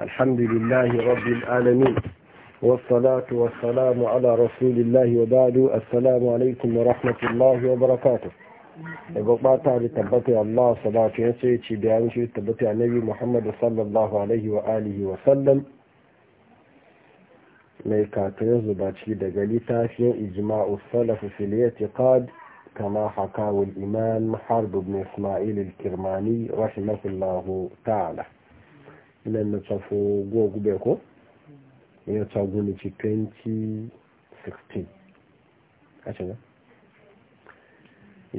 الحمد لله رب العالمين والصلاة والسلام على رسول الله وبعد السلام عليكم ورحمة الله وبركاته يقول تعالى تبطي الله صلاة ينسيتي بأنشي تبطي النبي نبي محمد صلى الله عليه وآله وسلم ميكا katon zubaci daga littafin إجماع salafu في i'tiqad كما حكاو الإمام حرب بن إسماعيل الكرماني رحمه الله تعالى ilẹ̀ safo gbogbo ní ọtọ ọgbọn ní ti 2016 kàṣẹwà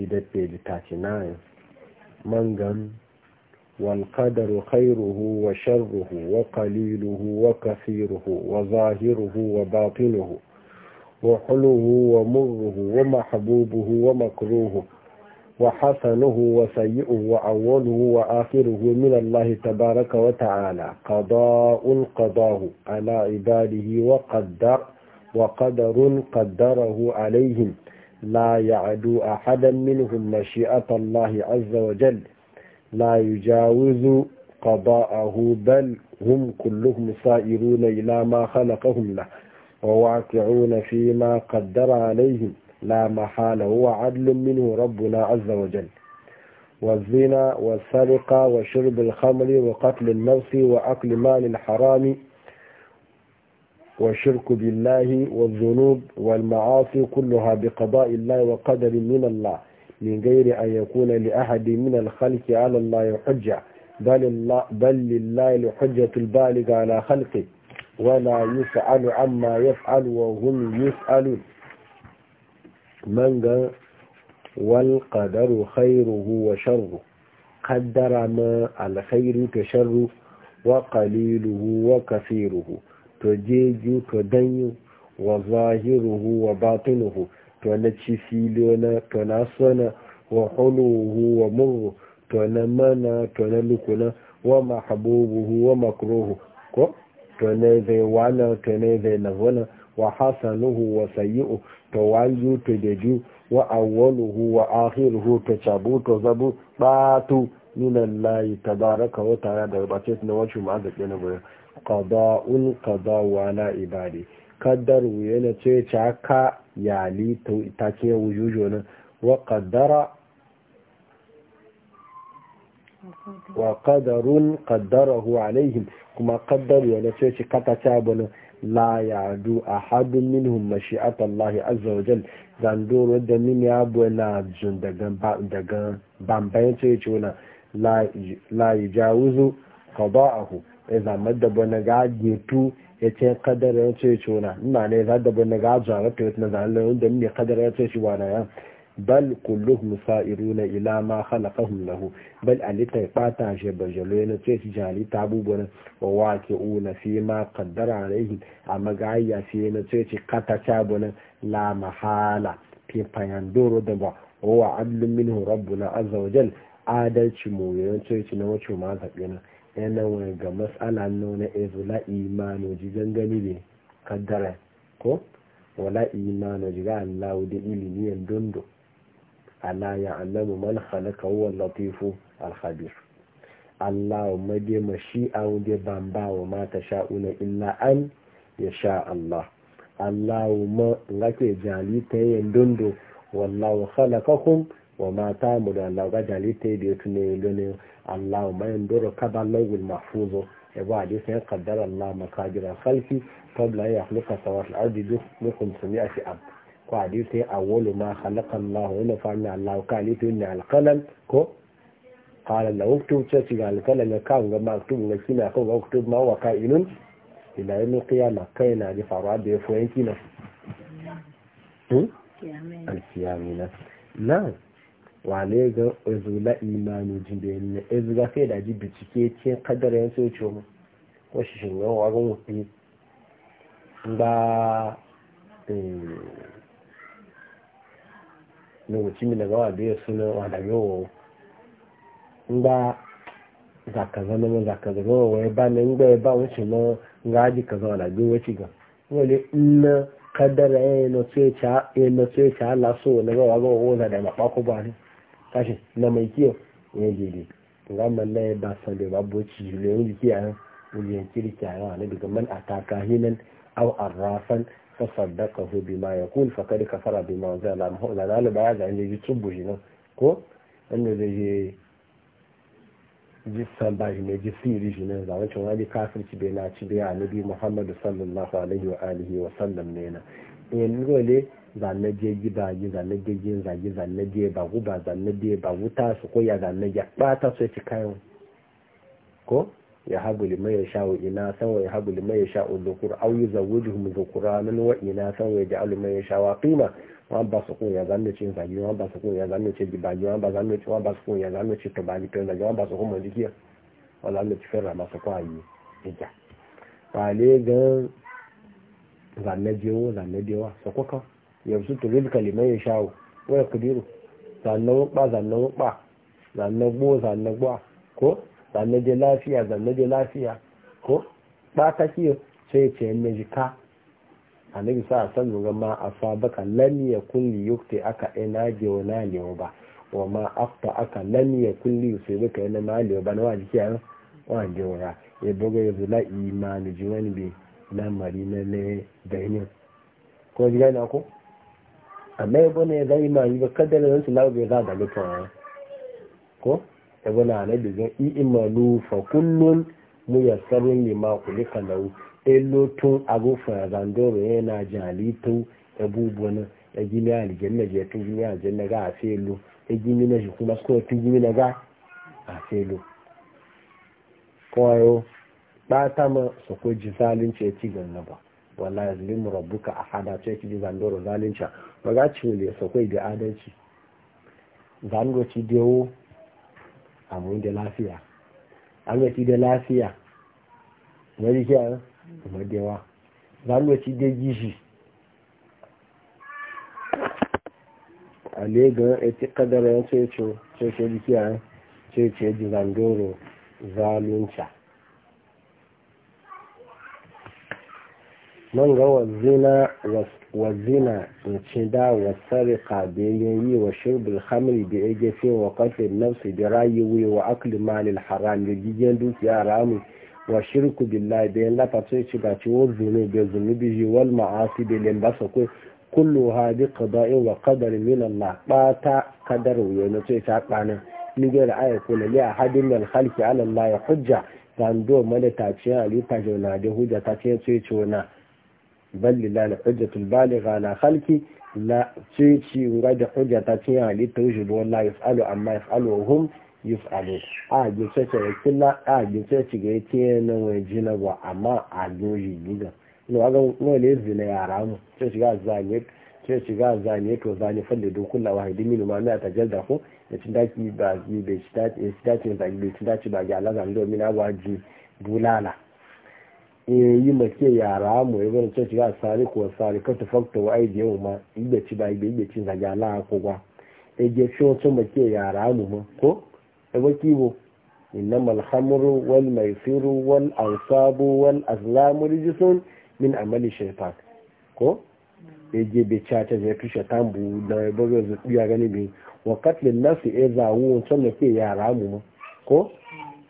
ìdẹ pèjì 39 mangan walkadaru khairuhu wa sharruhu wa qaliluhu wa kafiruhu wa zahiruhu wa batinuhu wa huluhu wa murruhu wa mahabubuhu wa makruhu وحسنه وسيئه وأوله وآخره من الله تبارك وتعالى قضاء قضاه على عباده وقدر وقدر قدره عليهم لا يعدو أحدا منهم مشيئة الله عز وجل لا يجاوز قضاءه بل هم كلهم سائرون إلى ما خلقهم له وواقعون فيما قدر عليهم لا محالة هو عدل منه ربنا عز وجل والزنا والسرقة وشرب الخمر وقتل النفس وأكل مال الحرام والشرك بالله والذنوب والمعاصي كلها بقضاء الله وقدر من الله من غير أن يكون لأحد من الخلق على الله حجة بل, الله بل لله الحجة البالغة على خلقه ولا يسأل عما يفعل وهم يسألون man ga wal khairuhu wa sharru qaddara na alkhairu khairu ka sharru wa qaliluhu wa kathiruhu to jeju to danyu wa zahiruhu wa batinuhu to na ci na to na sona wa huluhu wa murru to na mana to na lukuna wa mahabubuhu wa makruhu ko to ne zai wana to ne zai nahuna wa hasanuhu wa sayyi'u tawazu to deju wa awwaluhu wa akhiruhu ta chabu to zabu batu layi ta tabaraka wa ta'ala da bace na wacce ma da kenan ba qada'un qada wa la ibadi kaddar yana ce chaka yali to take wujujo ne wa qaddara wa qadarun qaddarahu alaihim kuma kaddaru ya nace shi kata ta bana la ya du hadin minhum mashi'at Allah azza wa jal zandoro da min ya bana jin daga daga bambayin ce ce wannan la yajawizu qada'ahu idan madda bana ga gitu ga kadara ya ce e ce wannan ina ne za da bana ga jara to na zan da min kadara ya ce shi wana ya bal kullu musa'iruna ila ma khalaqahum lahu bal alita fata je bajalo yana ce shi jali tabubuwan wa una fi ma qaddara alaihi amma ga ya fi ne ce shi kata tabunan la mahala fi fayandoro da ba wa adlu minhu rabbuna azza wa jal adalci mu yayin ce shi na wacu ma zabe na yana wani ga mas'ala nuna la imanu ji gangani ne kaddara ko wala imanu ji ga Allah da ilimi dondo ala ya'lamu man khalaqa huwa latifu al-khabir Allahumma bi mashi'a wa bi bamba wa ma tasha'una illa an yasha Allah Allahumma ngake jali ta yandundo wallahu khalaqakum wa ma da Allah ga jali ta da tunne lone Allahumma yanduru kaba al-mahfuzu yabo hadisi ya qaddara Allah makadira khalqi qabla an yakhluqa sawa al-ardi a 500 am ko hadisi wolo ma halaka Allah wa fa'ala Allah ka ni to ni alqalam ko qala la uktu ce ci alqalam ka ga maktub ga kina ko ga uktub ma wa kainun ila yawm qiyamah na ji faruwa da yafi yanki na alkiyamina hmm? na wale ga izula imanu jibin ne izula sai da ji bicike ce kadar yan socio mu ko shi ne wa ga mutum ba na wuce mi daga na suna wadayowo ngba zakaza na zakaza ga wawa ba na ngba ya ba wuce ma nga aji kaza wadabe wuce ga wale ina kadara ya yi na tsoye ci ala so na ga waga wawo da na ɓako ba na mai kiyo ya gede nga manna ya ba san da babu ci jule jiki a yan wujen a na a takahinan fasaddaqahu bima yaqul faqad kafara bima unzila ala lalu ba ga inda ji tubu shi nan ko wanda zai je ji samba shi ne ji siri shi nan zaman cin wani kafirci bai na ci bai annabi muhammadu sallallahu alaihi wa alihi wa sallam ne na in gole zanne je gida ji zanne je jin zagi zanne je ba guba zanne je ba wuta su koya zanne ya ta su ci kayan ko ya habu liman ya sha'u ina san wa ya habu liman ya sha'u dhukur aw yuzawwijuhum dhukuranan wa ina san wa yaj'al liman ya sha'u qima wọn bá sọkún yẹn zanú ẹtì nzàgì wọn ba sọkún ya zanú ẹtì bìbàgì wọn ba zanú ẹtì wọn bá sọkún yẹn zanú ẹtì tọbàgì tó nzàgì wọn bá sọkún mọ dídí wọn zanú ẹtì fẹrẹ àmà sọkún ààyè ìjà pàálí gan zanẹbi owó zanẹbi wa sọkún kan yẹn sùn tó lóbi kàlí mẹyìn ṣá o wọn yẹ kúndínlù zanẹwó pa zanẹwó pa zanẹgbó zanẹgbó a ko. zanne dai lafiya zanne dai lafiya ko ba ta kiyo sai ce ne jika annabi sa san zuwa ma asabaka lam yakun li yukti aka ina ge wala lewa ba wa ma afta aka lam yakun li yusibaka ina ma lewa ba na waji kiyan wa ge wala ya boga ya zula imani jiwani bi mari na ne da ne ko ji gani ko amma ya bane ya zai imani ba kadar da su lawo bai za da lutun ko ibn anabi gan i'malu fa kullun muyassarun lima kulika lahu elo tun abu farazandoro yana jalitu abubuwan egini aljanna na tun gini na ga afelu egini na shi suka tun gini na ga afelu kwayo ma su ko ji zalunci ci ganna ba wala yazlimu rabbuka ahada ce zandoro ba ga ci ne su ko da adalci zango dewo amma da lafiya an gaci da lafiya wani kiyar kuma madewa za mu ci da gishi a lega ga eti kadara ya ce ce ce ce jikiya ce ce jizangoro zalunca nan ga wa zina wasu wa zina in da wa sarika da yi wa shirbul hamil da ya gefe wa kafin nafsu da rayuwa wa akli malil haram da gigen dukiya ramu wa shirku billahi da yan lafa sai ci gaci wa zini da zunubi ji wal ma'asi da lambasa ko kullu ha bi qada'in wa qadar min Allah ba ta kadar wuyo na sai ta kana ni ga ra'ayi ko la ya hadin al khalqi ala Allah hujja dan do malaka ce ali ta jona da hujja ta ce sai ce na bal lillahi hujjatul baligha ala khalqi la ce ci ga da hujja ta ce ya halitta wuce ba wallahi yasalu amma yasalu hum yasalu a ji ce ce killa a ji ce ci ga yake nan wai jina ba amma a doji gida no ga no le zina yara mu ce shiga zanye ce shiga zanye to zanye falle do kullu wahidi min ma na tajalda ko ya ci daki ba ji be ci daki ya ci daki ba ji Allah zan do min awaji bulala Eh, yi make yara mu ya gani cewa shiga sari ko sari ka ta fakta wa aiki yau ma ibe ci ba ibe ibe ci zaga la ko gwa e je sho to make yara mu ma ko e ba kibo innama alhamru wal maisiru wal ansabu wal azlamu rijsun min amali shaytan ko e je be cha ta je tu shaytan bu da ba ga zu biya gani bi wa qatlin nafsi e eh, zawu to make yara mu ma ko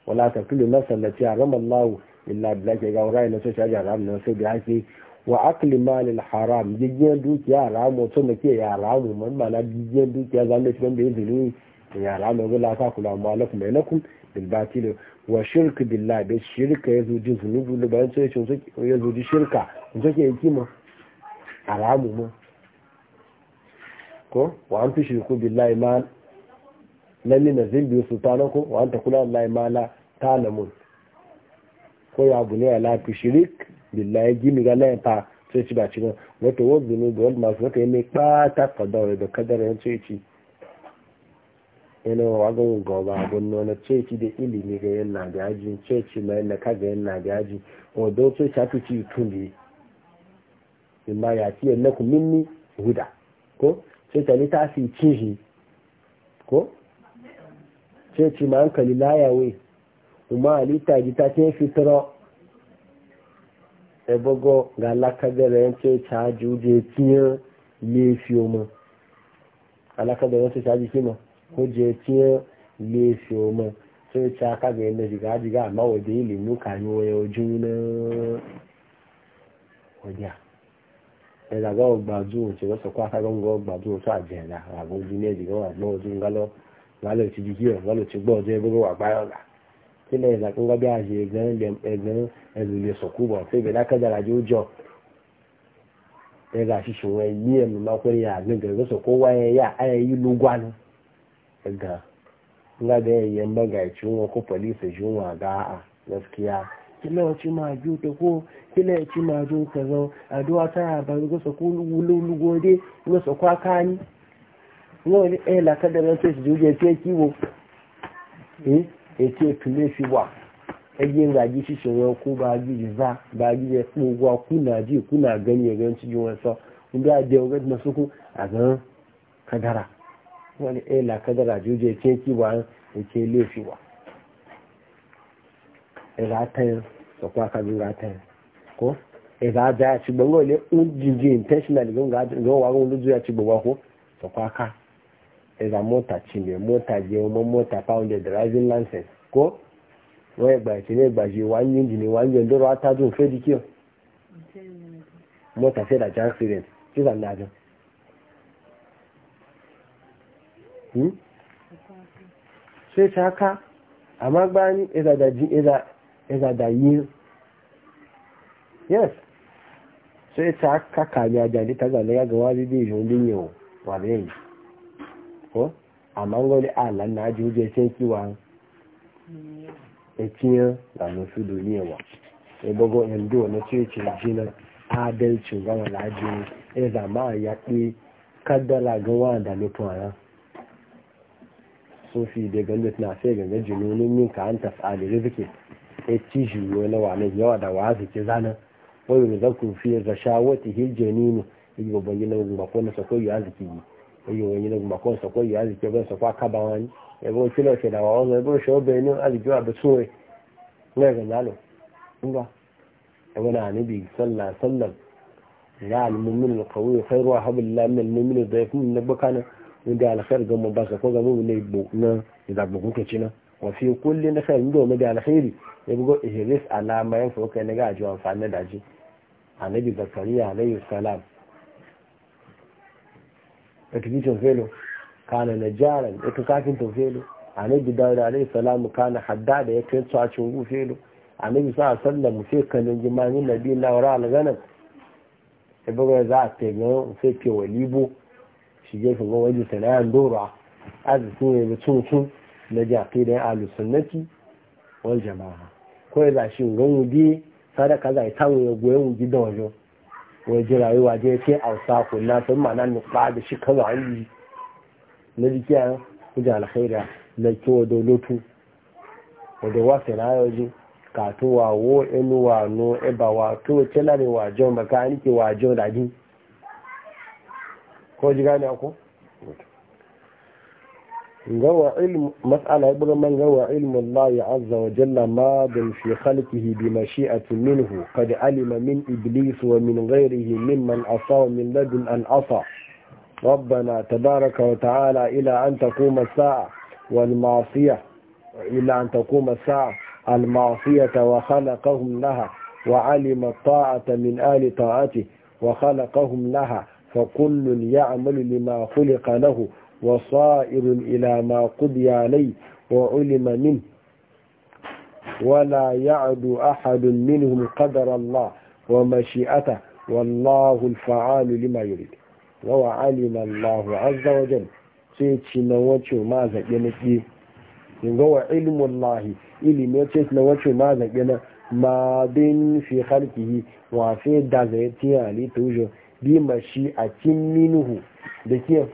wala taqtulu nafsan lati harama allah illa billah ke ga rai na sai shaji haram na sai da ake wa akli malil haram jigiyar dukiya haram wato ke ya haram man na jigiyar dukiya zan da ban bai zuri ya haram ga la ta kula ma lakum bainakum bil batil wa shirk billah da shirka yazo ji zunubu da bayan sai cin yazo ji shirka in ke yi kima haramu ma ko wa an fi shirku billahi ma lalli nazil bi sultanakum wa an kula allahi ma la ta'lamun ko ya abu ne ya lafi shirik billahi gimi ga layin ta sai ci ba ci ba wata wanzu ne ga wani masu wata yi mai kpata kadar da kadar yan sai ci yana wa gan gaba abun nuna sai ci da ilimi ga yan na gaji sai ci mai na ka ga yan na gaji wadda sai ci hafi ci tun bi imma ya ci yan na ku minni huda ko sai ta litafi cihi ko sai ci ma hankali layawai kuma halitta ji ta cin fitro ebogo ga alakadar yance caji uje tiyan lefi fi alakadar yance caji kima ko je tiyan lefi omo sai ca ka ga yadda jiga jiga amma waje ilimin kayi waya ojú na wajen ẹ̀dà gbọ́ gbàdú òtí wọ́n sọ pé akágọ́ ń gọ́ gbàdú òtí àjẹ́ ẹ̀dà àgbọ̀n ojú ní ẹ̀dì ojú ti jí kí ọ̀ ti gbọ́ ọjọ́ ẹgbẹ́ wà gbáyọ̀ kila ya zaƙin gabi a shi ganin ɗan ezule soku ba sai bai laka da rajo jo ya ga shi shi wani niyan ya zai garga so kowa ya ya aya yi lugwani ga nga da yayyan ko polisa shi wa ga a gaskiya kila ya ci ma biyu ta ko kila ya ci ma ka zo a duwa ta ya ba ko kwa kani wani ɗaya da shi juje sai kiwo eh ètí ìpínlẹ̀ e fi wà ẹgbẹ́ ìrìnàjí ṣíṣe wọn kó bá gíjì bá bá gíjì pé ogun akúnà àjí ìkúnà àgẹ́ni ẹ̀gẹ́ ń tíjú wọn sọ níbi àjẹ ọgbẹ́ tí mo sókún àgán kádàrà wọn ni ẹ kádàrà tí ó jẹ etí ẹtí wà etí ilé fi wà ẹ̀rọ atẹ́yìn sọ̀kọ́ akábíyìnrà atẹ́yìn kó ẹ̀rọ ajá àti gbọ̀ngàn ilé ń jìnjìn intentionally gbọ̀ngàn wà ẹ̀ka mota chimẹ̀ mota jẹ́ ọmọ mọ́tà pounded driving license kó wọ́n ẹgbà ìṣẹ̀lẹ̀ ẹgbà ṣe wà ní ìjìnlẹ̀ wà ní ọdọ́rọ̀ atájú fẹ́ di kíọ̀ mọ́tà fẹ́ dàjà accident tí wà ní ní yes ní tàgbà lẹ́yà wá rí bí ìṣòwò lẹ́yìn wà lẹ́yìn. ko amma ngoli ala ah, na juje sai kiwa e tiyan da no duniya wa e bogo e en do na ce ce jina adalcin ga wala ji e zama ya ki kaddala ga wa da ne to ara sofi da gandut na sai ga jinunin min ka an tasali rizki e ci juyo na wani yawa da wa zaki zana wani zakun fiye da shawati hiljani ne e yi babban gina ba ko na sakoyi arziki yi oye wọn yìí gbàkọ́ sọ̀kọ́ yìí azìkẹ́ bẹ́ẹ̀ sọ̀kọ́ akábà wọn ni ẹ̀bùn tí lọ́ọ̀ ṣẹ̀dá wọn ọ̀nà ẹ̀bùn ṣọ́ bẹ́ẹ̀ ní azìkẹ́ àbẹ̀tún rẹ̀ da lálọ́ ńgbà ẹ̀wọ̀n náà níbi sọ́là sọ́là ìyá alùmọ́mìn kọ̀wé fẹ́rù ahọ́bìlá mẹ́lẹ́mìn dẹ́kun nígbàkánná níbi àlàfẹ́rù gan mọba sọ̀kọ́ gan mọ́wù ní ìgbò náà ìdàgbòkun kẹ̀kí náà wọ́n fi kó lé náfẹ́ nígbà wọn bí àlàfẹ́rì ẹ̀bùgọ́ ìhèrè àlàmà ẹ̀fọ́ kẹ́nẹ́gà àjọ àǹfààní dájú ànábì zakariya aleyhi salam da tafi tofelo kana na jaran ya kafin tofelo annabi dawuda alayhi salamu kana hadda da ya kai su a cungu felo annabi sa sallam sai kanin jimani nabi na wara alganan sai bugu za a tegan sai ke walibo shi gefe ga waje sanayan dora arziki ne da tuntun na jaƙi da alu sunnati wal jama'a ko ya za shi ganin bi sadaka za yi ya gidan wajen waje rayuwa je ce ausa kunna sun mana nufa da shi kaza an yi na jikiya kuja alkhaira na kiwo da lotu wadda wasu rayuwa ji wa wo inuwa e no e ba wa to tilare e wa jon makaniki wa jon ni. ko ji gane ko غوى علم مسألة يقول من غوى علم الله عز وجل ماض في خلقه بمشيئة منه قد علم من إبليس ومن غيره ممن عصى من لدن أن عصى ربنا تبارك وتعالى إلى أن تقوم الساعة والمعصية إلى أن تقوم الساعة المعصية وخلقهم لها وعلم الطاعة من آل طاعته وخلقهم لها فكل يعمل لما خلق له وصائر إلى ما قضي عليه وعلم منه ولا يعد أحد منهم قدر الله ومشيئته والله الفعال لما يريد وعلم الله عز وجل سيتشي نوتشو ما زجنتي ينقوى علم الله إلي نوتشي نوتشو ما زجنا ما بين في خلقه وفي دازيتي علي توجو بمشيئة منه دكيه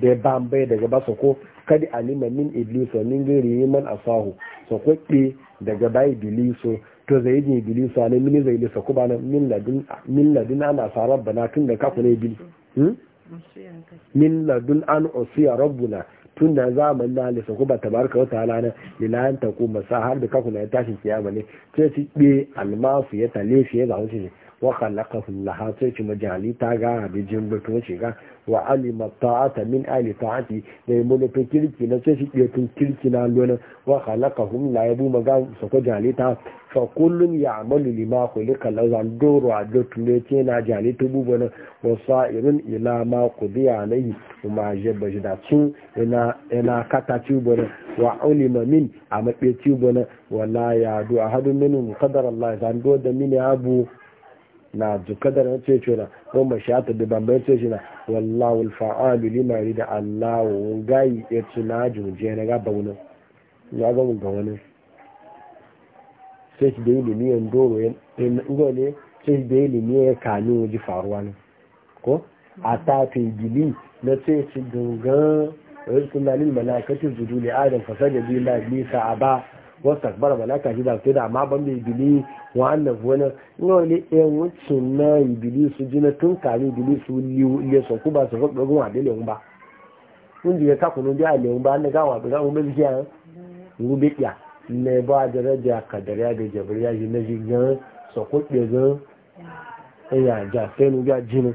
da ya bambai daga ba su ko kadi alima min ibliso min gari yi man asahu su ke daga bayi biliso to zai yi biliso ne min zai lisa kuma na min ladin ana sarar bana tun da kafu ne bil min ladun an usiya rabbuna tun da zamanin na lisa kuma tabaraka wa ta'ala na lilayan ta ku sa har da kafu na tashin kiyama ne ce ci ɗe almasu ya tale shi ya zawo shi wa khalaqahum laha sai ci majali ta ga abijin batun shiga wa alima ta'ata min ali ta'ati da yi mulkin kirki na sai shi ɗetun kirki na lona wa khalaqahum la yabu maga sako jali ta fa kullun ya'malu lima khuliqa la zanduru a dotun ne ke na jali ta bubu na wa ila ma qudiya alayhi kuma jabba jida tun ina ina kata tubu na wa ulima min a mabe tubu na wala ya du ahadun minhum qadara allah zando da min ya abu na zukadar na tsoci na ko ta da bambayin tsoci na wallahu alfa'alu lima yurida allahu gayi ya tuna juje na gaba wani ya ga mu ga wani sai shi da ilimi yan doro yan gole sai shi da ilimi ya kanu ji faruwa ne ko a ta tafi gili na tsoci gangan rikin lalil malakatin zudu adam fasar da biyu na bisa a ba wasu akbar malaka shi da su da amma ban da ibili wa'annan wani yau ne yan wucin na ibili su ji na tun kari ibili su liye su ku ba su kwaɓe gun wade lewun ba kun jiye kakunu biya lewun ba na gawa bi gawun bai jiya rube ɗya na ba da raja kadariya da jabariya shi na jigan su kwaɓe gun ya ja sai nu biya jini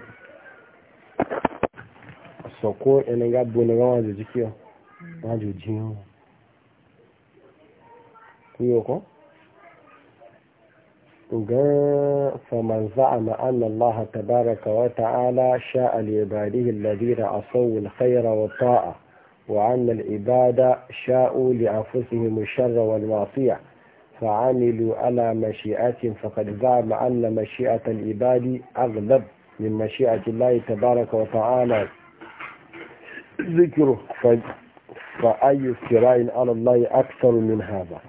sako ina ga bu na gawa da jikiyo na jujiyar فيوكو فمن زعم أن الله تبارك وتعالى شاء لعباده الذين عصوا الخير والطاعة وأن العباد شاءوا لأنفسهم الشر والمعصية فعملوا على مشيئة فقد زعم أن مشيئة العباد أغلب من مشيئة الله تبارك وتعالى ذكره فأي افتراء على الله أكثر من هذا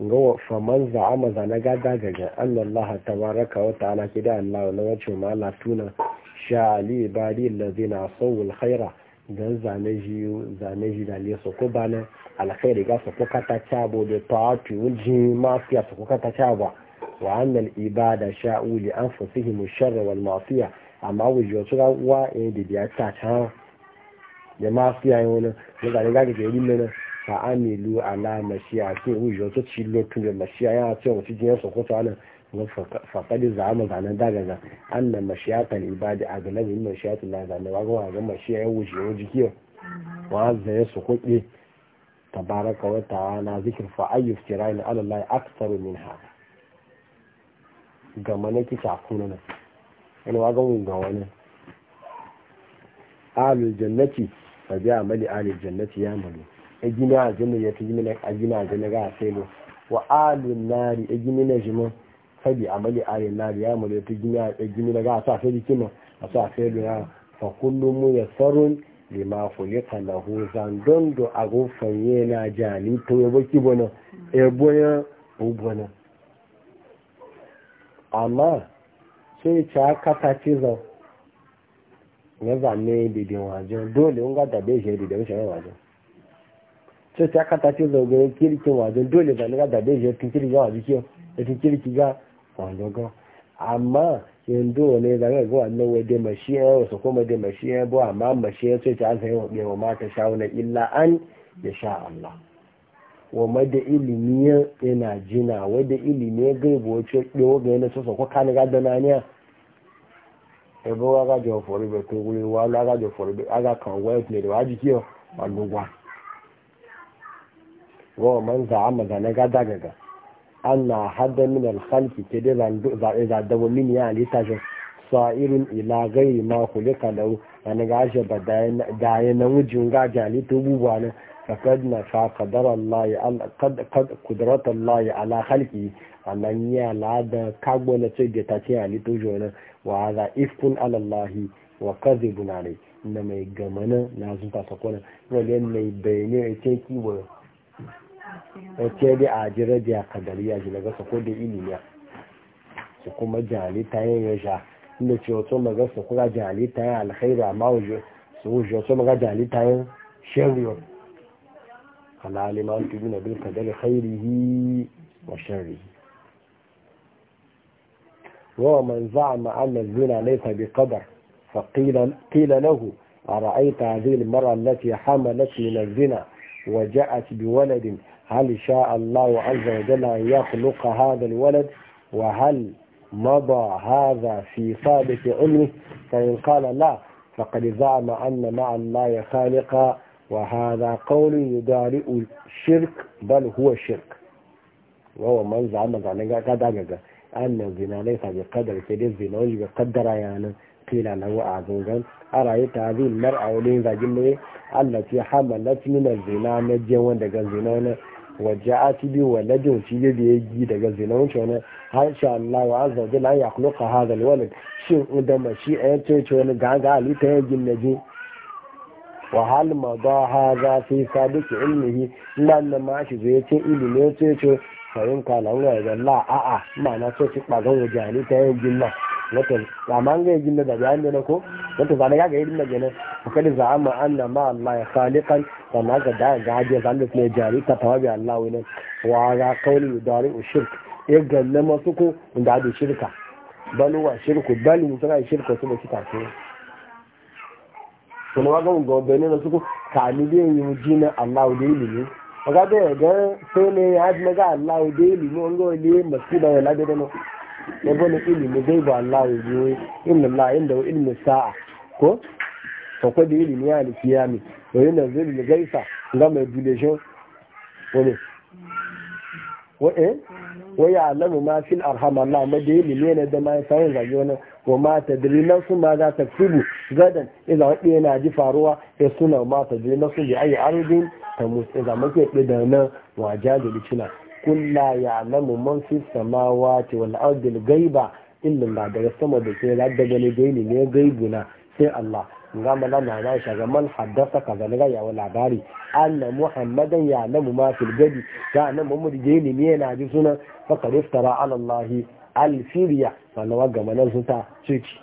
ga faman za'ama zana gada gaga annallaha tabaraka wa ta'ala kida Allah na wacce ma Allah tuna sha'ali bari na sawul khaira don zane ji zane ji da le so ko na alkhairi ga su ko kata cabo da taatu wuji mafiya su so ko kata wa annal ibada sha'u li anfusihim ash-sharra wal ma'siya amma wujo su ga wa e biya ta can da mafiya fiya yo ne ga ga ga ri ne fa'amilu ala mashiya ke wujo to ci lokacin da mashiya ya ce wata jiyar sokoto fa faƙaɗi zama mu zanen dagaga an na mashiya kan ibadi a galabin mashiya tun na zanen wa ga ga mashiya ya wuce yau jiki wa zai sokoke tabaraka zikr na ayu fa'ayyuf ala allah aksaru min ha ga mana ta kuna nan wani wa gawa ga wani alul jannati fa bi amali alul jannati ya malu egina ajinu ya fi jimina ajina ajinu ga aselo wa alun nari egini na jimin sabi amali alun nari ya mulu ya gini, jimina ga asa fe jikima asa fe ya fa kullum mu ya sarun lima a lahu zandondo na yana ni to ya baki bana ebo ya ubana amma sai ta kata ce zan ne zane didin wajen dole in ga da dabe shi didin shi wajen sai ta kata ce zaugayen kirkin wajen dole ba na da bai je tun kirkin wajen kiyo da tun kirkin ga wajen ga amma yanzu ne da ga gwa wade wajen ya wasu kuma da ya bu amma mashiya sai ta an sayi wa bai mata shawuna illa an ya sha Allah wa mada ilimi yana jina wada ilimi ya gaibu wace ɗewa ga yana sosa ko kani ga dananiya ebe wa ga jọ fori be to wuli wa la ga jọ fori ibe aga kan wa ya tunere wa jikiyo wa lugwa wa man za'ama ga na gada gaga anna hada min al-khalqi ke da zan zadawa min ya alita shi sa'irun ila gairi ma kulika lau an gashi ba da ya na wujin gaji alita bubuwa na ka na fa kudarat Allah ya ala halki a nan ya al'ada kagbo na ce da ta ce alita jona wa za ifkun alallahi wa kazi bunare na mai gamana na zunta sakwana wale mai bayanin a cikin kiwon wace da a ji rabiya kadariya ji daga su da ilimiya su kuma jali ta yin yasha inda ce wato maga su jali ta yin alkhairu amma su wuce wato maga jali ta yin shari'a kalaliman tubi na bil kadari khairihi wa shari'i ومن زعم أن الزنا ليس بقدر فقيل قيل له أرأيت هذه المرأة التي حملت من الزنا وجاءت بولد هل شاء الله عز وجل أن يخلق هذا الولد وهل مضى هذا في سابق علمه فإن قال لا فقد زعم أن مع الله خالقا وهذا قول يدارئ الشرك بل هو شرك وهو من زعم أن الزنا ليس بقدر في الزنا ويجب قدر يعني قيل له أعزوزا أرأيت هذه المرأة ولين ذا جمعي التي حملت من الزنا نجي وندق الزنا waje a ti bi wa ladin shi da ya yi daga wuce wani har Allah wa azza wa jalla ya khluqa hadha alwalad shin da shi a ce ce wani gaga ali ta yin ginnaje wa hal ma ba hadha fi sabiqi ilmihi nan na ma shi zai ce ilimi ce ce fahimta lan ga la a a ma na ce waje ali ta yin ginnaje watan amma ga yi da bayan da na ko wata zane ya ga yi da gina baka da za'ama anna ma Allah ya khaliqan da na ga da ga hajiya zan da ne jari ta tawabi Allah wani wa ga kauli dari ushirk ya ganna masu ko da da shirka baluwa shirku balu tana shirka su ba su tafi kuma wa ga gobe ne na su ko kalibin yuji na Allah da ilimi ga da ga sai ne ya ji ga Allah da ilimi wanda ne masu da ya labe da na na bane ilimi zai ba Allah ya zo inna Allah inda wa ilmi sa'a ko to ko da ilimi ya ni kiyami to yana zai da gaisa ga mai ko ne wa eh wa ya alamu ma fil arham Allah ma da ilimi ne da mai sai zage ne wa ma tadri su ma za ta kubu gadan idan wani yana ji faruwa ya suna ma tadri su bi ayi arudin ta musu zaman muke da nan wa jajiri cina kulla ya lamu man fi samawati wal ardil gaiba illa daga sama da ke da gani gaini ne gaibuna sai Allah nga mala na na shaga man haddasa kaza ga ya wala labari anna muhammadan ya lamu ma fil gadi ga nan muhammad gaini ne yana ji sunan fa qadiftara ala allah al siriya sanawa ga manan suta ciki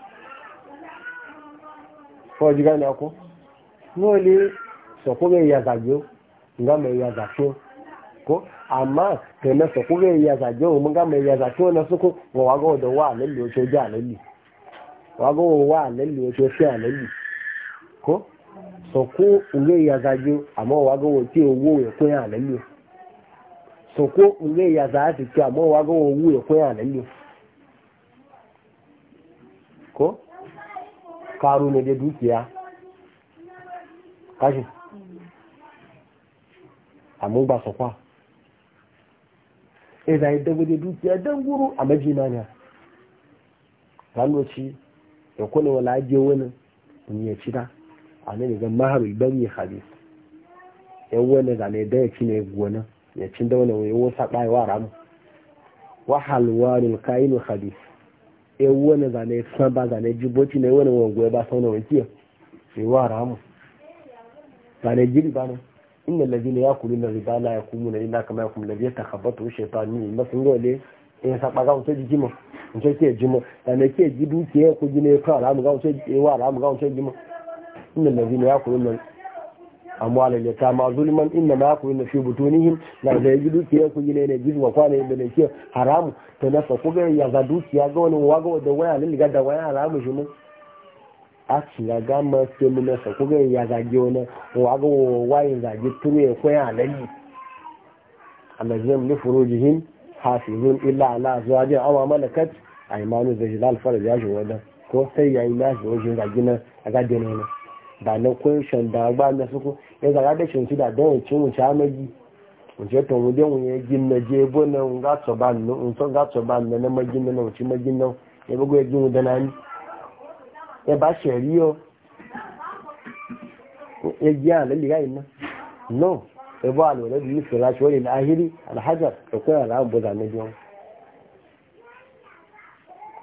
ko ji gane ko nole so ko ya zagyo nga mai ya zagyo ko amma to na su kuma ya zage mun ga mai ya zage wannan suku wa wago da wa lalle wato ja lalle wago wa lalle wato sai lalle ko so ko ule ya zage amma wago wato ya ko ya ya zage ki amma wago ya ko e da yadda gudun dukiya don guru a majimaniya ne kanoci ya kuna wala ajiye wani ya ci ta a nan zama haru bari ya hadis yan wani da ne yadda ya ci ne gona ya ci da wani wani wasa ɓayewa ramu wa halwarin kayan hadis yan wani da ne san ba da ji boci ne wani wani goya ba sauna wani kiyar sai wa ramu ba na jiri ba ne إن الذين يأكلون الربا لا يقومون إلا كما يقوم الذي يتخبطه الشيطان من المس ngole in sa paga unse jimo unse ke jimo da ne ke jibu ke ko jine ko ala mu ga unse e wa ala mu ga unse jimo inna alladhina yaquluna amwala ne ta ma zulman inna ma yaquluna fi butunihim la da jibu ke ko jine ne jibu wa kwana ne ne ke haramu to na fa ko ga ya ga dukiya ga wani da waya ne ga da haramu shi a cira gama sai mu nasa kuga ya zage wani waga wayin zage turu e ya koya alalli furu li hafi hafizun ila ala zuwajin awa malakat a imanu zai jilal fara ya shi wadda ko sai ya yi nashi wajen zage na a gadi na yana ba na kun shan da ba na suku ya e zaga da shan su da don wuce wuce amagi wuce to mu den wuye gin na je bo na nga tsoban na na magin na wuce magin na ya bugu ya gin wudana ni ẹba rí ọ ẹgbẹ́ àlẹ́lẹ́gá iná náà ẹbọ́ alẹ́lẹ́ bí ìfẹ́ láti wọ́n lè ahírí alhajar ẹ̀kọ́ ẹ̀rà àbọ̀dà mẹ́jọ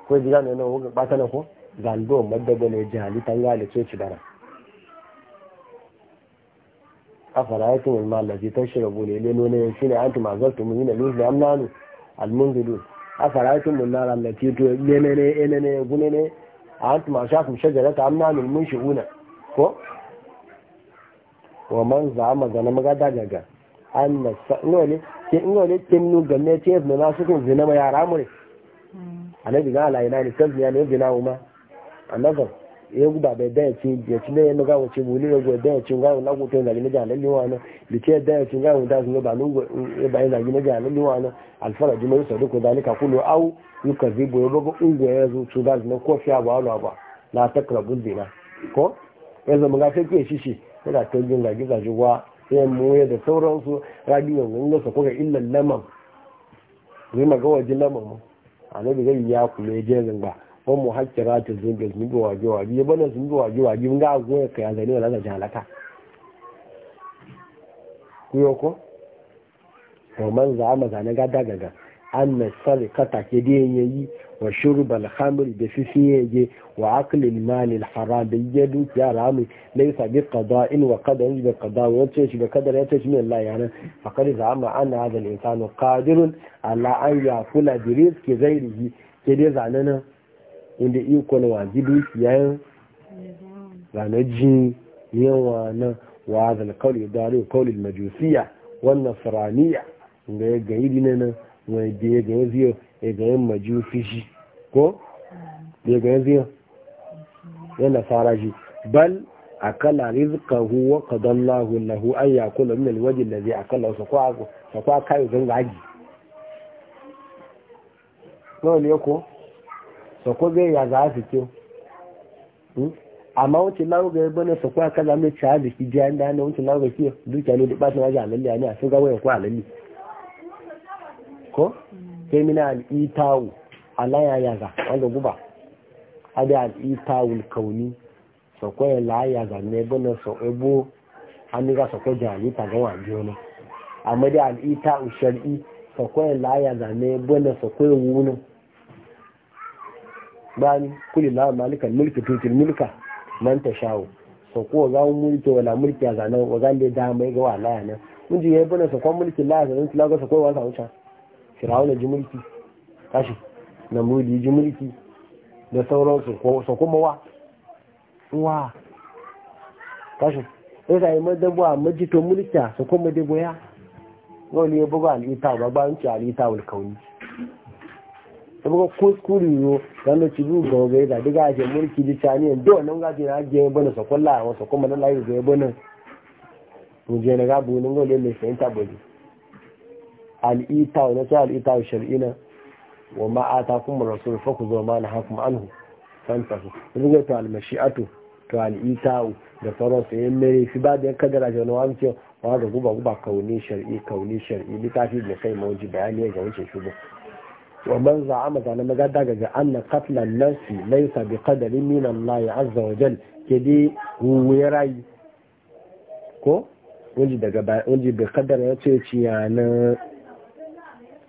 kó ní àlẹ́ tó ti dára afara ya kuma ma ta shi rabu ne lelo ne shi ne antum azaltum min lulu amnanu almunzidu afara ya kuma nara to ne ne ne ne a hantu ma shafin shajarata amma min mun shi'una ko wa man zama zana magada gaga an na sa'inole ke inole ke nu ganne ce na nasu kun zina ma yara mu ne annabi ga ala ina ne kan zina ne zina umma annazar yegu ba bai e e da yace ya ci ne ga wace buli ne da yace ga na go tun da ne jalan liwa na bi ce da yace ga da su ba lu ba ina gina jalan liwa na alfara ji mai sadu dalika kullu au yukazibu yego go ungo ya zu su da ne ko fiya ba wala ba la takrabu zina ko yanzu mun ga sai ke shi shi yana e tun jin ga giza juwa sai mu ya da sauransu radiyo mun ga ko ga illal lamam zai maga waje lamam annabi zai ya kula ya je wa mu hakkira ta zunga zunga waje waje ya bana zunga waje waje mun ga goya kai zane wala da halaka ku yo ko to man za ma zane ga daga ga an na sari kata ke da yayi wa shurbal khamr da fifiye wa akli al da haram da yadu ya ramu laysa bi Ina wa qadarun bi qada wa yace shi da kadar yace shi Allah ya nan faqad za'ama anna hadha al insanu Kadirun ala an yakula bi rizqi ghayrihi ke dai zanen nan inda iko na waji dukiyan ranar jin yawa na wazan kawai dare kawai majusiya wannan saraniya ga ya gayi dina nan wani da ya gayi ziyo ya gayi majusi ko da ya gayi ziyo yana fara shi bal a akala rizqahu wa qadallahu lahu an kula min alwajhi alladhi akala sakwa sakwa kai zanga gaji. Kawai ne ko sako bai ya za su kyau hmm? amma wuce laruga ya bane sako a kaza mai ci haziki jiya inda a lalle ne a sun ko a lalle ko sai mina al'itawu alaya ya za wanda guba ada al'itawu kauni sako ya la ya za ne bane sako ebo shar'i sako ya la bani kuli la malika mulki tutil mulka man ta shawo so ko ga mulki wala mulki ga nan wa zan da mai ga wala ya nan mun ji yayi bana so mulki la ga nan tula ga so ko wa wuta firawo ji mulki kashi namrudi ji mulki da sauran su ko so kuma wa wa kashi sai ga mai dabo ji majito mulki so kuma da ya wani ya buga alita ba ba an ci alita wal kauni ko kuskuri yo dan da ci duga ga da diga je mulki di tani do nan ga ji na je bana sa kulla wa sa kuma na layi ga bana mu je na ga bu nan ga lele sai ta bodi al ita wa ta al ita wa shar'ina wa ma atakum rasul fa ku zo ma na hakum anhu santa su diga to al mashi'atu to al ita da faro sai ne fi ba da kadara je na wanke wa da guba guba kauni shar'i kauni shar'i litafi da kai mawji bayani ga wuce shugo wa man za'ama na maga daga ga anna qatlan nafsi laysa bi qadarin min Allah azza wa jal kidi wuyarai ko wani daga bayan wani bi qadar ya ce ciya na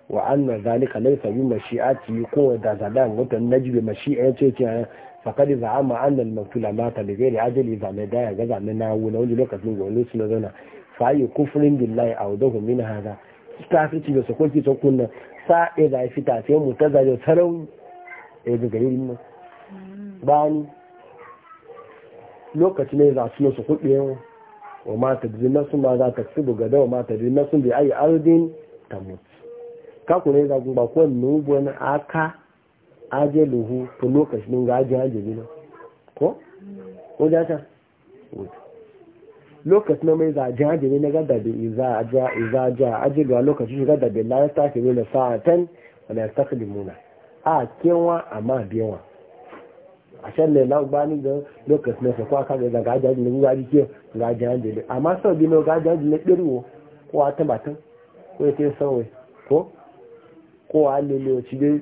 wa anna zalika laysa bi mashi'ati ko da zadan mutan najbi mashi'a ya ce ciya فقد زعم أن ga مات لغير عدل إذا ما دايا جزع منا أولا ولي لوكا تنين قولوا سنة فأي كفر بالله أو دوه من هذا sokoki ta kunna? sa e zai fita sai mu ta zai sarau e ga gari nan bani lokacin ne za su su kuɗe yau wa mata ta bi nasu ma za ta tsibu gada wa mata ta bi nasu bi ayi ardin ta mutu kaku ne za ku ko nubu na aka aje luhu to lokacin ga aje aje ne ko ko da ta lokacin na mai zajen hajjiri na gada da izaja ajiyarwa lokacin shiga da bela ya tafi ne na sa'atan wani ya tafi limuna a kewa amma biyawa a shan ne lagbani da lokacin na sakwa ka ga zaga ajiyar ga guga jike ga ajiyar amma sau biyu na ga ajiyar ɗirwo ko a tabbatan ko ya ce sauwai ko ko a lelewa ci dai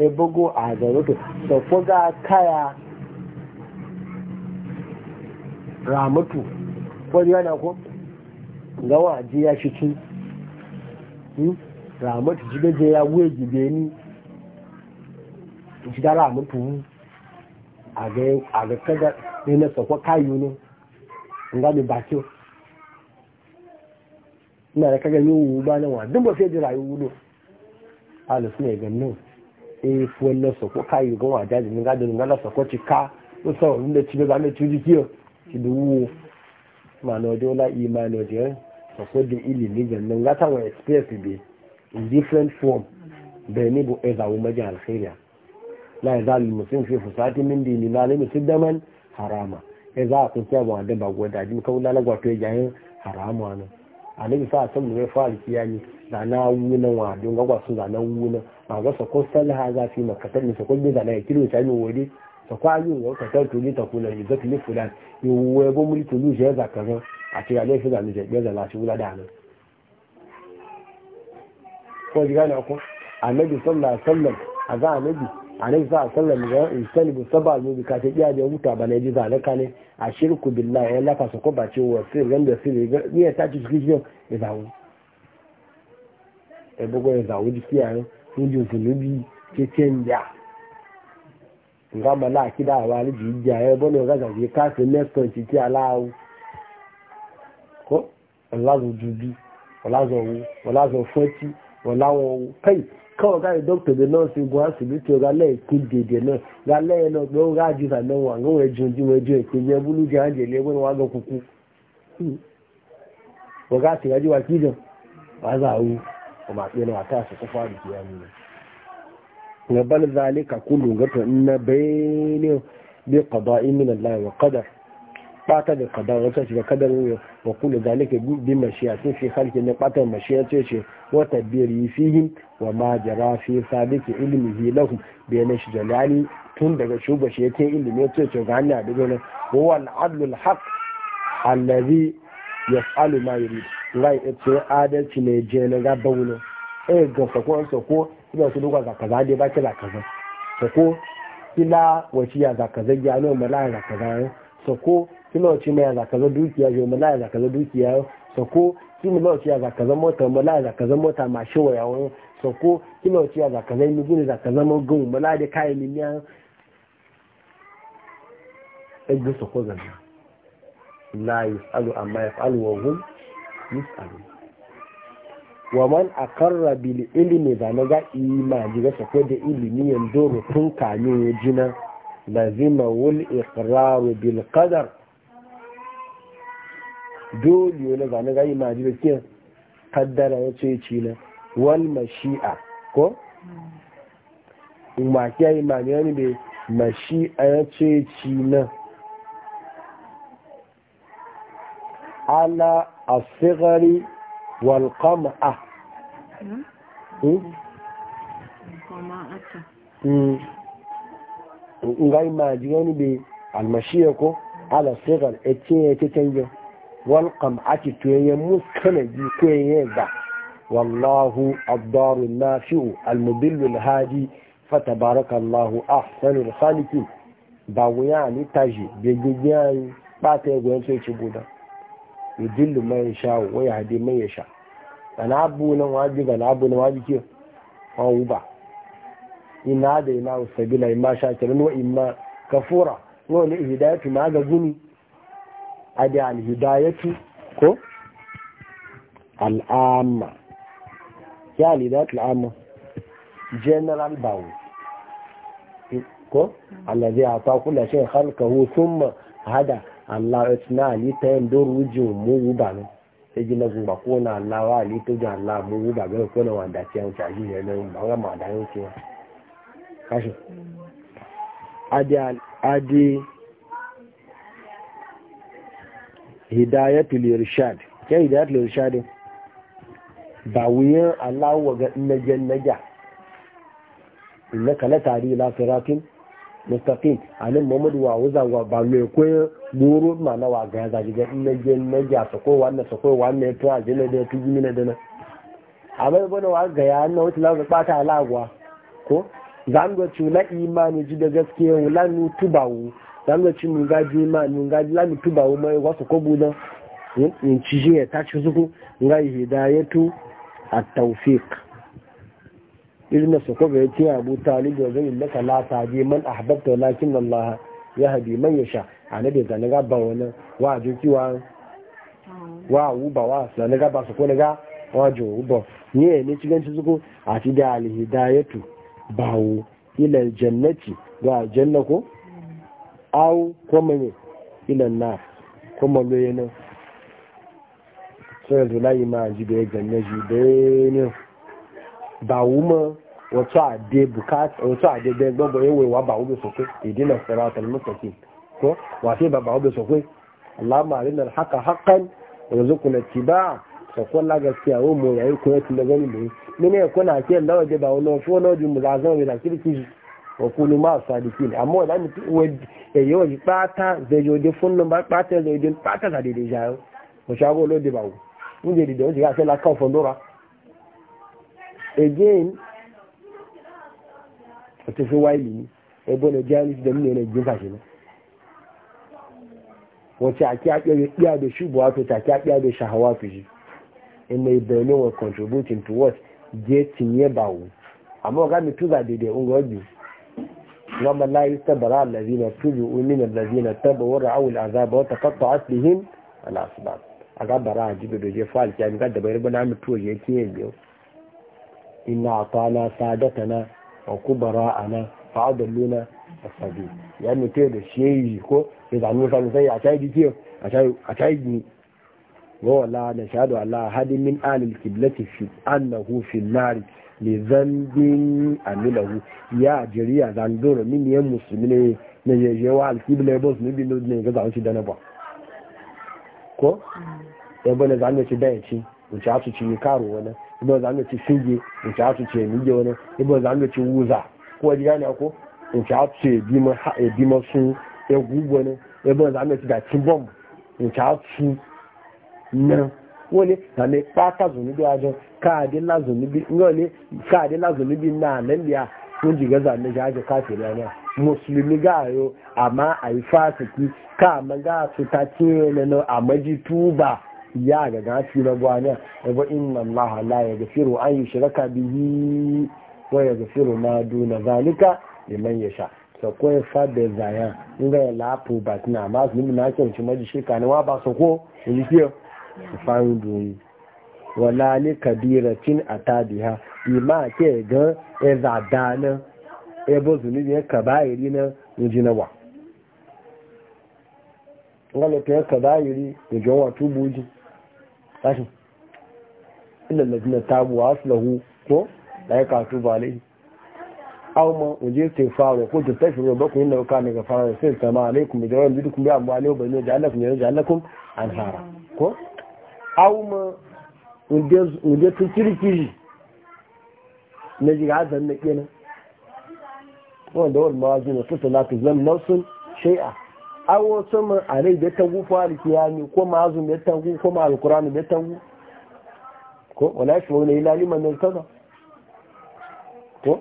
ebogo a garoto da kuga kaya ramutu kwari yana ko gawa ji ya shi ci hmm? ramutu jibe je ya wuye gibe ni shiga ramutu a ga kaga ne na sakwa kayu ne nga mi baki ina da kaga yi wuba na wa duk ba sai ji rayu wudo alis ne ganin e eh, fuwar na ka yi gan wata jimin gadon na sako ci ka o sa wani da cibe ba mai tuji kiyo ki da wuwo ma na wajen wala ima na wajen eh, sako da ilimi ga nan gata wa express be in different form da ne bu eza wu majin alkhairiya la ya zalu musulun fi fusati min dini na daman harama eza a kun kya ba wadda ba gwada jimin kawo lalagwa to ya jayin harama annabi sa san mai fara kiyami da na wuna wa don gagwa sun da na wuna ma ga sa ko za fi makatar ne sa ko bi da na kiru ta mi wuri sa kwa yi wa ka tar tuli ta kula ni zaki fulan yi wa bo muri tulu je za ka ga a ce ale fi da ni je ga la shi wula da nan ko ji ko annabi sallallahu alaihi wasallam a za annabi annabi sallallahu alaihi wasallam ga insani bu ka ta iya da huta ba ne ji zalaka ne a shirku billahi wala fa ko ba ce wa sir ran da sir ni ya tace shi shi ya zawo e bugo ya zawo ji kiyaye sun ji zulubi ke canja nga mala kida wa ni ji ja e bono ga zaje ka se next time ti alawo ko Allah zo dubi wala zo wala zo foti wala wo kai kawai ga doctor da nurse go asibiti ga lai ku dede na ga lai na go ga ji da nan wa go ejun ji we je ke je bulu je anje le go wa go kuku wa ga ti ga ji wa kijo ba za wu o ma pe na ta su ko fa bi ya ni ne bal zalika kullu ga to inna bayni bi qada'i min Allah wa bata da kada wata shiga kada ne wa kula zalika bi mashiya sun fi halki na batar mashiya ce ce wata biyar yi fihim wa ma jara fi sadiki ilmihi lahu bi na shi jalali tun daga shuba shi yake ilimi ce ce ga hanya da gona wa al adlul haq allazi yaf'alu ma yurid rai ce adalci ne je na ga bauna eh ga sako sako ina su duka kaza dai ba kila kaza sako kila wasiya zakaza kaza no mala kaza sako kilo ci mai za ka za dukiya yo mala za ka za dukiya yau sako kilo ci za kaza mota mala za ka za mota mashi waya wani sako kilo ci za kaza mi gune za kaza mo gun mala da kayan mi nya sako zan la yusalu amma yafalu wa hum yusalu wa man akarra bil ilmi da na ga imani ga sako da ilimi yanzu rufin tun kanyo jina lazimawul iqraru bilkadar qadar dole ne ga na gayi maji da kiyan kaddara ya ce ci na wal mashi'a ko ma ki yayi maji ne be mashi'a ya ce na ala asigari wal qama'a ngai ma jigani be almashiya ko ala sigar ece ya ta canjo wal qam'ati to ya muskana ji ko ya ba wallahu abdaru nafi'u al-mudillu al-hadi fatabarakallahu ahsanul khaliqin ba wuya ni taji be gigiyan ba ta gwen sai ci buda yudillu man sha wa yahdi man yasha ana abu nan wajiba na abu nan wajibi ke ba ina da ina sabila ma shakirin wa ma kafura no ni hidayatu ma ga guni adi al hidayatu ko al amma ya al hidayatu al amma general bawo ko allazi ata kullu shay khalqahu thumma hada Allah itna ali tayin doruju mu ba ne sai gina ba ko na Allah wa ali to ga Allah mu ba ga ko na wanda ce an ta ji ne ba ga ma da yau ce kashi adi hidayatul irshad ke hidayatul irshad ba wuyan Allah ga najan naja innaka la tari la siratin mustaqim alim muhammad wa wuza wa ba me ko guru ma na wa gaya zaji ga najan naja so ko wannan so ko wannan to ajele da tujina da na abai bane wa ga ya na wata la ga bata alagwa ko zango na imani ji da gaskiya lanu tubawu zango ci mun gaji imani mun gaji lanu tubawu mai wasu kobu in ci cije ya tashi zuku nga hidayatu a tawfiq irin su kobe ya ce abu talib da zai laka la tabi man ahbabta lakin allah ya hadi man yasha anabi da naga ba wani wa jukiwa wa uba wa sa naga ba su ko naga wa jo uba ni ne ci ganci zuku a ti da alhidayatu bawo ilal jannati ga janna ko au kuma ne ilal na kuma loye nan sai zula yi ma ji da ganna ji da ne bawo ma wato ade bukat wato ade da gbogbo yawai wa bawo bai sokwe idina siratal mustaqim ko wa sai ba bawo bai sokwe ma rinal haqa haqqan warzuqna tibaa sakon gaskiya wo mo yayi ko yati da gani ne mene ko na ke lawa je ba wono fo no ju mu da da kirki wa kulu ma sadiqin amma da ni e yo ji pata ze yo de fun no ba pata ze de pata da de ja o shago lo de ba wo mu je de o ji ga se la kan fondora again o te fi waili ni e bo ne jani da mi ne jin fashi ne wace a kiya kiya da shubuwa to ta kiya kiya da shahawa in mai benin was contributing to what getting ya bawo amma ga mi tuza daidai ungoji gama la yi tabara allazina tuzu umin allazina taba wa ra'awul azaba wa taqatta'at bihim al asbab aga bara jibe do je fal kyan ga da bayar bana mi tuwa je kiyen biyo inna atana sadatana wa kubara'ana fa'adalluna asabi ya mi tuwa da sheyi ko da zanu sanu sai a tayi kiyo a tayi a wala na shaɗu Allah hadin min alil kiblati fi annahu fi nari li zambin amilahu ya a zandoro min yan musulmi ne na yejewa alkibla ya bosu bi ne ga zaun ci dana ba ko ya bane zaun ci dana ci in ci asu ci karo wani ibo zaun ci finge in ci asu ci mige wani ibo zaun ci wuza ko ji gane ko in ci asu ci bima sun ya gugu wani ibo zaun ci da ci bomb in ci na wọ́n ní àmì pátá zùnúbí ajọ káàdé lázùnúbí wọ́n ní káàdé lázùnúbí náà lẹ́lẹ́à wọ́n jì gẹ́zà méjì ajọ káàkiri ẹ̀rọ mùsùlùmí gáàyò àmà àìfáàsìkì káàmà gáàtú tàtí ẹ̀rọ àmọ́jì túbà ìyá àgàgà fi lọ́gbọ́ àná ẹ̀bọ́ iná láhà láyẹ̀ gẹ̀fẹ́rù ayé ṣẹlẹ́kà bí yí wọ́n yẹ gẹ̀fẹ́rù fa'in doyi wala li kabiratin atabiha ima ke ga e zadana e bo zunubi e kabairi na mujinawa wala ke kabairi da jawa tubuji Tashi, kashi illa ladina tabu asulahu ko da ya katu balai aw ma uje ce faro ko ta tafi roba ku inna ka ne ga faro sai sama alaikum da wani duk kun bi amma ne ba ne da Allah kun yarda Allah kun ansara ko auma wunde tun kirkiri na jiga azan na kenan wanda wani mawazi na tuta na tuzan nausun shai'a awo sama a rai da tangu fa alkiyami ko ma'azun da tangu ko ma alkurani da tangu ko wala shi wani ilali manar na ko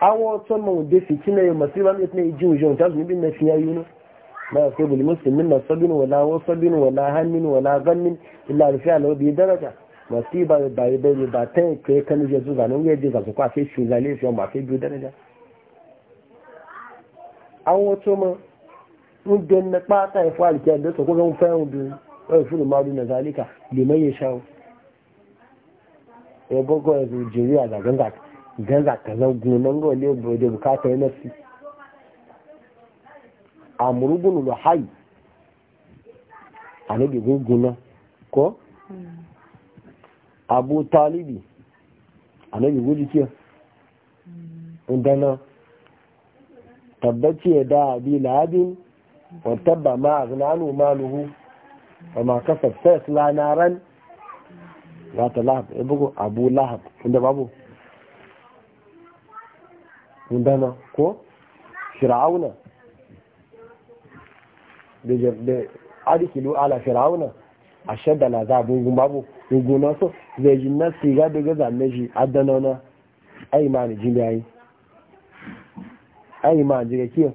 awo sama wunde fitina ya masu ba ne jin wujen ta zunubin na fiye yi ne ba ya sabi musulmin na sabin wala wasabin wala hannun wala zannin illa da fiye alawar biyu daraja ba su yi ba yi ba yi ba yi ba ta yi ka yi kanu jesu zanen wuya je zasu kwa sai shugale fiye ba sai biyu daraja an wato ma in don na kpata ya fi alkiya da su kogon fayon biyu wani furu maru na zalika liman ya shawo ya gogo ya zo jiriya ga ganga ganga kazan gunan gole da bukatar nasi Amurugun luhai a nabi gunguna ko abu talibi a nabi gujikiya indana tabbaci da abi labin hmm. wattabba ma a zinanu maluhu wa ma kasa fes lanaran za hmm. ta lahab ya bugu abu lahab inda babu indana ko shira'auna da adikilu ala fir'auna a shadda na za a gungun babu gungunan so zai ji na siga daga zane shi adana na aimani jin da yi aimani jiga kiyo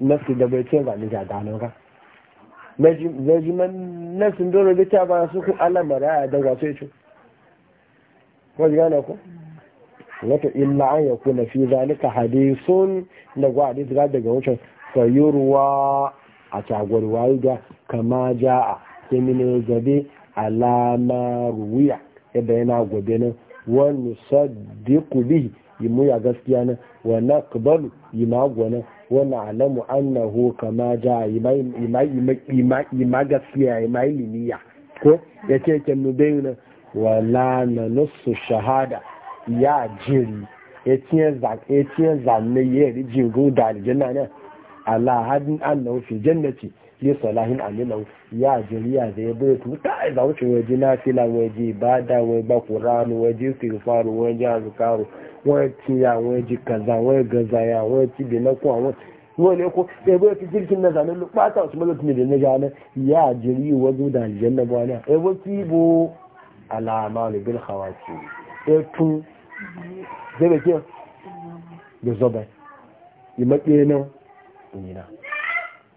na su da bai ce zane shi adana ka zai ji man na sun doro da ta ba su kun allah mara ya daga sai ce ko ji gane ko wata illa an ya kuna fi zalika hadisun da gwa hadis daga wucin sayurwa a cagwar wayi ga kama ja a mini gabe alama ruwiya yadda yana gobe nan wani sadiku bihi yi muya gaskiya nan wani na yi yi magwanan wani alamu annahu kama ja yi ma gaskiya yi ma ilimiya ko ya ce ke nube yi nan la na nusu shahada ya jiri ya zanne ya yi gudu nan ala hadin annahu fi jannati li salahin amilan ya jiriya da ya bai tu ta za wuce waje na fila waje bada waje ba qur'an waje istighfaru waje azkaru waje ya waje kaza waje gaza ya waje bi na binako waje wani ko sai bai fi jirgin na zanen su wasu malotun da na gane ya jiri wazo da aljanna ba na ya e, wasi bo ala amal bil khawati e tu zai bai kiyar da zobe yi maɗe nan injina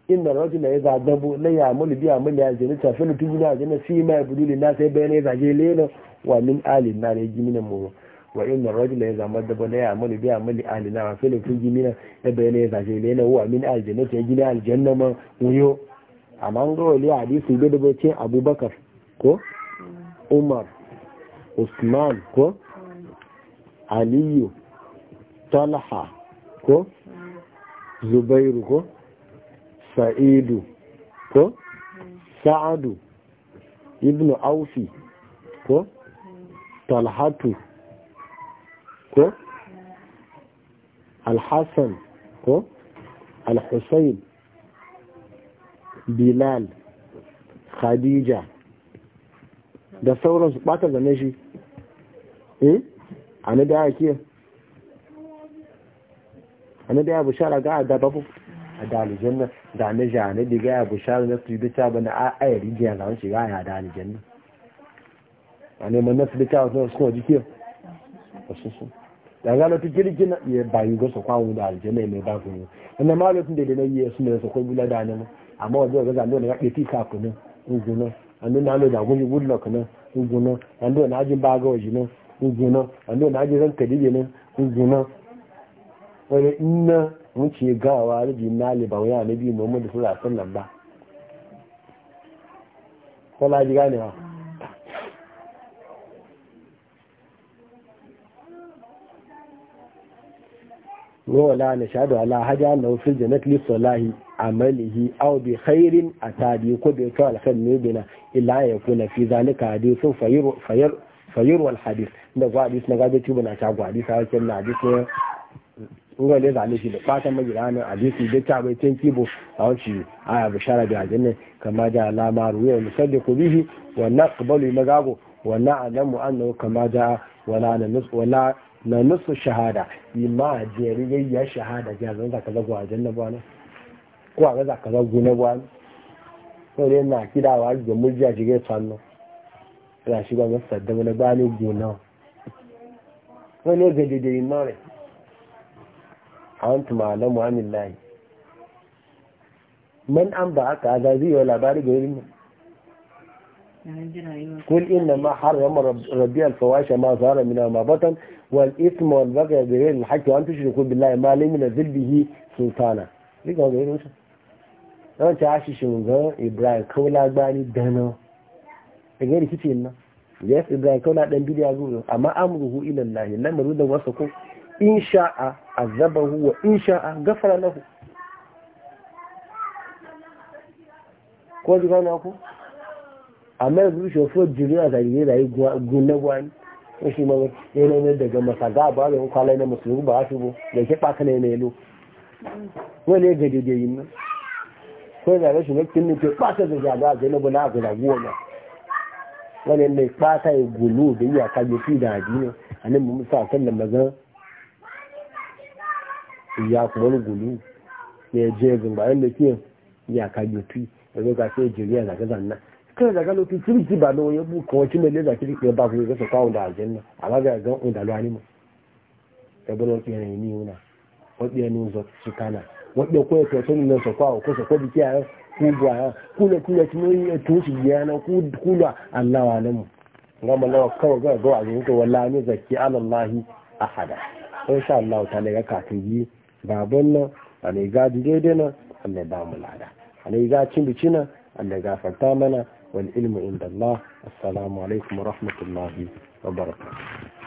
inda rajul ya za dabu la ya mulu biya mulu ya jini ta filu tubu na jini fi ma buduli na sai bayan ya zaje leno wa min ali na ne jimina mu wa inna rajul ya zama dabu la ya mulu biya mulu ali na filu tubu jimina da bayan ya zaje leno wa min ali jini sai gina aljanna ma wuyo amma an gawa hadisi da dabu ce abubakar ko umar usman ko aliyu talha ko zubairu ko sa'idu ko sa'adu ibnu aufi ko talhatu ko alhassan ko alhussain bilal khadija da sauransu ɓata zane shi eh a na da ake annabi ya bushara ga a daba bu a dalijan nan da na ja na diga ya bushara na su bita ba na ayar rijiya za su shiga ya dalijan nan a neman na su bita wasu wasu wajen kiyo wasu su da gano ta jirgin na iya ga gosa kwanwu da na mai bakon yi wannan ma lokacin da na yi su ne su ko bula da nan amma wajen wajen zalo wani rafi ɗafi kakunan unguna an nuna lo da gunji woodlock nan unguna an na ajin ba ga waje nan unguna an na ajin zan kadi nan unguna wani ina wuce gawa rabi nali ba wani anabi muhammadu sallallahu alaihi wasallam ba kola ji gane ha wala na shaɗu ala hajja na wasu lahi a amalihi aw bi khairin atadi ko bai to alkhair ne bina ila ya na fi zalika hadithun fayir fayir fayir wal hadith da gwadis na gabe tubu na ta gwadis a na hadith ne nga le zane shi da fatan magirana a jisi da ta bai tin kibo a wanci aya bishara da aljanna kama da lamaru alama ruwa musaddiqu bihi wa naqbalu magago wa na'lamu annahu kama da wala na nus wala na nusu shahada imma jeri ya shahada ga zan ka zago aljanna ba ne ko a ga ka zago ne ba ne ko ne na kidawa ga murja jige tsanno ya shi ba masa da wani gani gona ne ga dede imma antum alamu layi man an ba aka aga zai yi labari ga irin kul inna ma harrama rabbi alfawashi ma zara mina ma batan wal isma wal baga bi ghayri al haqqi wa an tushriku billahi ma lam yunzil bihi sultana riga ga irin su dan ta shi shin ga ibrahim kaula gbani dana daga rikici nan yes ibrahim kawla dan bidiya zuwa amma amruhu ila allah lamarin da wasa ko in sha'a azabahu wa in sha'a gafara lahu ko ji gano ku amma yanzu shi wasu jiriya yi da yi gunna gwani in shi mawa yana ne daga masaga ba da kwalai na musulmi ba su bu da ke ɓaka na yanayi wani ya gaje da yi nan ko yana rashin makin nufi ɓata da jaga a zainabu na abu da goma wani yana mai ɓata ya gulu da yi iyaka ya fi da adini a nan mu musa kan da magana. ya kuma wani gulu ya je zumbayen da ke ya ka yotu da zai gafe jiriya zaga zanna kai zaga lotu kirki ba na wani buka wacce mai leza kirki ya ba ku gasa kawo da aljanna amma ga ga un da lwani mu da bin wani yanayi ni yuna wani yanayi zo su kana wani ko ya kai sun nan su kawo ko su ko biki a ku gwaya kula kula tunoyi ya toshi yana kula allah wa alamu gama lawa kawai ga gawa a zuwa wallahi zaki alallahi ahada insha allah ta daga baban nan Allah ya gaji daidai nan Allah ba mu lada Allah ya bici nan Allah ya gafarta mana wal ilmu inda Allah assalamu alaikum wa rahmatullahi wa barakatuh